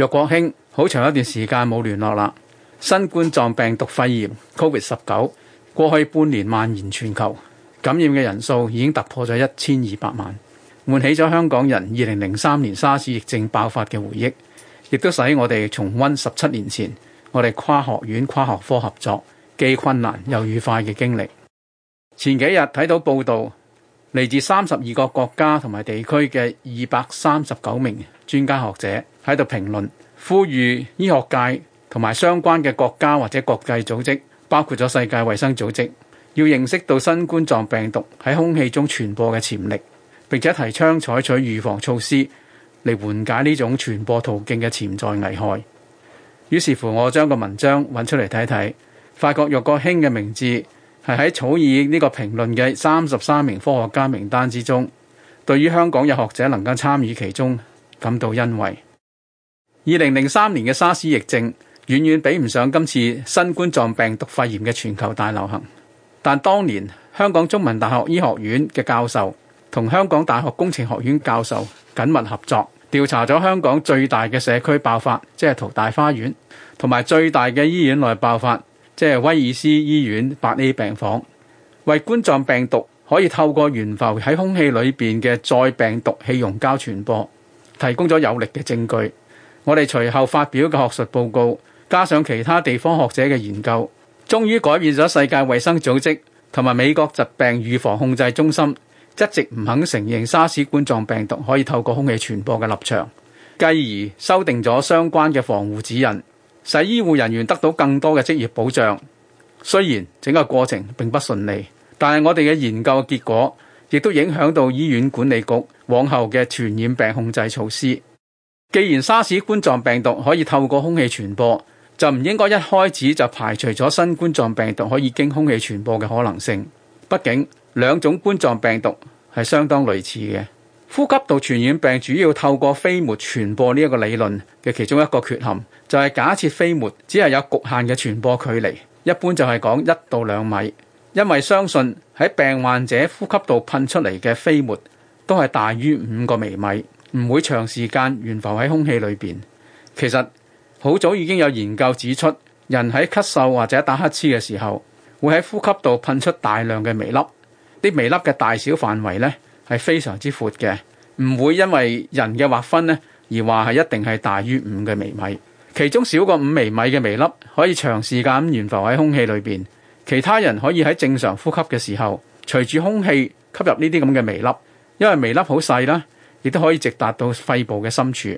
若國興好長一段時間冇聯絡啦。新冠狀病毒肺炎 （COVID-19） 過去半年蔓延全球，感染嘅人數已經突破咗一千二百萬，喚起咗香港人二零零三年沙士疫症爆發嘅回憶，亦都使我哋重溫十七年前我哋跨學院、跨學科合作，既困難又愉快嘅經歷。前幾日睇到報道，嚟自三十二個國家同埋地區嘅二百三十九名專家學者，喺度評論，呼籲醫學界同埋相關嘅國家或者國際組織，包括咗世界衛生組織，要認識到新冠狀病毒喺空氣中傳播嘅潛力，並且提倡採取預防措施嚟緩解呢種傳播途徑嘅潛在危害。於是乎，我將個文章揾出嚟睇睇，發覺余德新嘅名字係喺草擬呢個評論嘅三十三名科學家名單之中，對於香港有學者能夠參與其中感到欣慰。二零零三年嘅沙士疫症，遠遠比唔上今次新冠狀病毒肺炎嘅全球大流行。但當年香港中文大學醫學院嘅教授同香港大學工程學院教授緊密合作，調查咗香港最大嘅社區爆發，即係淘大花園同埋最大嘅醫院內爆發，即係威爾斯醫院八 A 病房，為冠狀病毒可以透過懸浮喺空氣裏邊嘅再病毒氣溶膠傳播提供咗有力嘅證據。我哋隨後發表嘅學術報告，加上其他地方學者嘅研究，終於改變咗世界衞生組織同埋美國疾病預防控制中心，一直唔肯承認沙士冠狀病毒可以透過空氣傳播嘅立場，繼而修訂咗相關嘅防護指引，使醫護人員得到更多嘅職業保障。雖然整個過程並不順利，但係我哋嘅研究結果亦都影響到醫院管理局往後嘅傳染病控制措施。既然沙士冠狀病毒可以透過空氣傳播，就唔應該一開始就排除咗新冠狀病毒可以經空氣傳播嘅可能性。畢竟兩種冠狀病毒係相當類似嘅，呼吸道傳染病主要透過飛沫傳播呢一個理論嘅其中一個缺陷，就係假設飛沫只係有局限嘅傳播距離，一般就係講一到兩米，因為相信喺病患者呼吸道噴出嚟嘅飛沫都係大於五個微米。唔會長時間懸浮喺空氣裏邊。其實好早已經有研究指出，人喺咳嗽或者打乞嗤嘅時候，會喺呼吸道噴出大量嘅微粒。啲微粒嘅大小範圍咧係非常之闊嘅，唔會因為人嘅劃分咧而話係一定係大於五嘅微米。其中少過五微米嘅微粒可以長時間咁懸浮喺空氣裏邊。其他人可以喺正常呼吸嘅時候，隨住空氣吸入呢啲咁嘅微粒，因為微粒好細啦。亦都可以直達到肺部嘅深處。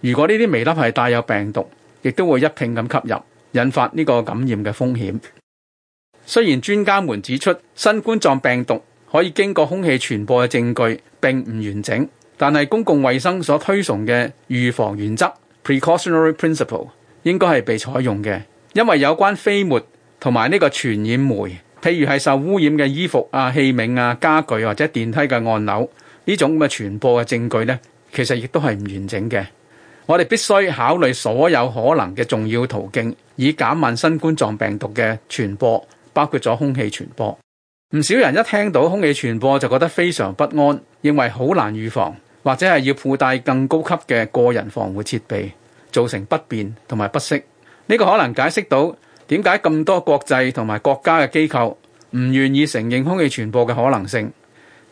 如果呢啲微粒係帶有病毒，亦都會一並咁吸入，引發呢個感染嘅風險。 雖然專家們指出，新冠狀病毒可以經過空氣傳播嘅證據並唔完整，但係公共衛生所推崇嘅預防原則 （precautionary principle） 應該係被採用嘅，因為有關飛沫同埋呢個傳染媒，譬如係受污染嘅衣服啊、器皿啊、傢俱或者電梯嘅按鈕。呢種咁嘅傳播嘅證據咧，其實亦都係唔完整嘅。我哋必須考慮所有可能嘅重要途徑，以減慢新冠狀病毒嘅傳播，包括咗空氣傳播。唔少人一聽到空氣傳播就覺得非常不安，認為好難預防，或者係要附帶更高級嘅個人防護設備，造成不便同埋不適。呢個可能解釋到點解咁多國際同埋國家嘅機構唔願意承認空氣傳播嘅可能性。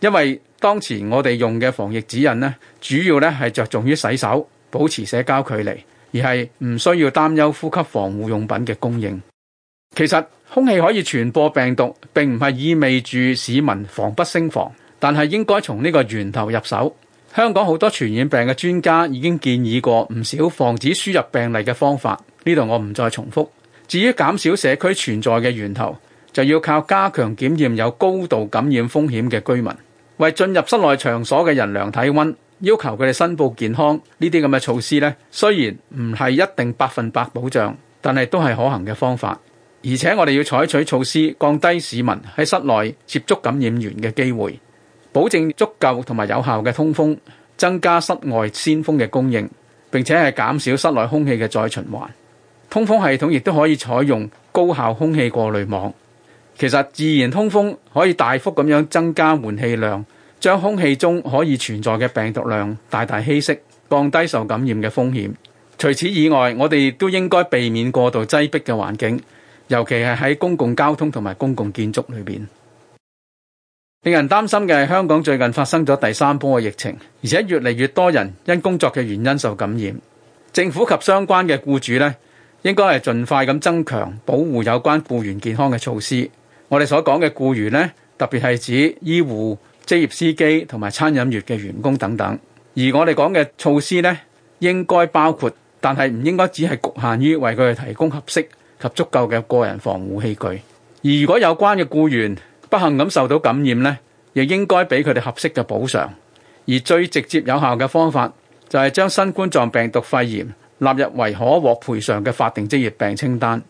因為當前我哋用嘅防疫指引咧，主要咧係着重於洗手、保持社交距離，而係唔需要擔憂呼吸防護用品嘅供應。其實空氣可以傳播病毒，並唔係意味住市民防不勝防，但係應該從呢個源頭入手。香港好多傳染病嘅專家已經建議過唔少防止輸入病例嘅方法，呢度我唔再重複。至於減少社區存在嘅源頭，就要靠加強檢驗有高度感染風險嘅居民。為進入室內場所嘅人量體溫，要求佢哋申報健康呢啲咁嘅措施咧，雖然唔係一定百分百保障，但係都係可行嘅方法。而且我哋要採取措施，降低市民喺室內接觸感染源嘅機會，保證足夠同埋有效嘅通風，增加室外鮮風嘅供應，並且係減少室內空氣嘅再循環。通風系統亦都可以採用高效空氣過濾網。其實自然通風可以大幅咁樣增加換氣量。將空氣中可以存在嘅病毒量大大稀釋，降低受感染嘅風險。除此以外，我哋都應該避免過度擠迫嘅環境，尤其係喺公共交通同埋公共建築裏邊。令人擔心嘅係，香港最近發生咗第三波嘅疫情，而且越嚟越多人因工作嘅原因受感染。政府及相關嘅僱主咧，應該係盡快咁增強保護有關僱員健康嘅措施。我哋所講嘅僱員咧，特別係指醫護、職業司機同埋餐飲業嘅員工等等，而我哋講嘅措施呢，應該包括，但係唔應該只係局限於為佢哋提供合適及足夠嘅個人防護器具。而如果有關嘅僱員不幸咁受到感染呢，亦應該俾佢哋合適嘅補償。而最直接有效嘅方法就係將新冠狀病毒肺炎納入為可獲賠償嘅法定職業病清單。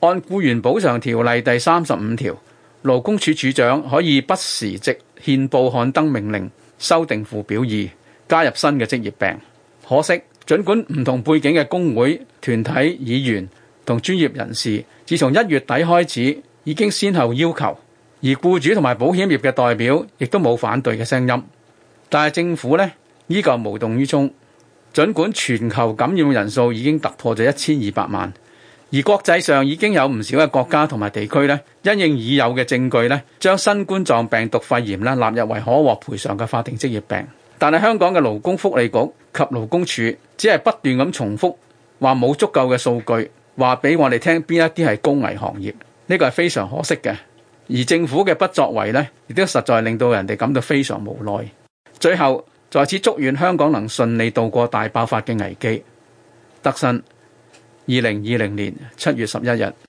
按僱員補償條例第三十五條，勞工處處長可以不時直。憲報刊登命令修訂附表二，加入新嘅職業病。可惜，儘管唔同背景嘅工會團體、議員同專業人士，自從一月底開始已經先後要求，而僱主同埋保險業嘅代表亦都冇反對嘅聲音，但係政府呢，依舊無動於衷。儘管全球感染人數已經突破咗一千二百萬。而國際上已經有唔少嘅國家同埋地區咧，因應已有嘅證據咧，將新冠肺病毒肺炎咧納入為可獲賠償嘅法定職業病。但係香港嘅勞工福利局及勞工處只係不斷咁重複話冇足夠嘅數據話俾我哋聽，邊一啲係高危行業，呢個係非常可惜嘅。而政府嘅不作為咧，亦都實在令到人哋感到非常無奈。最後再次祝願香港能順利度過大爆發嘅危機，特訊。二零二零年七月十一日。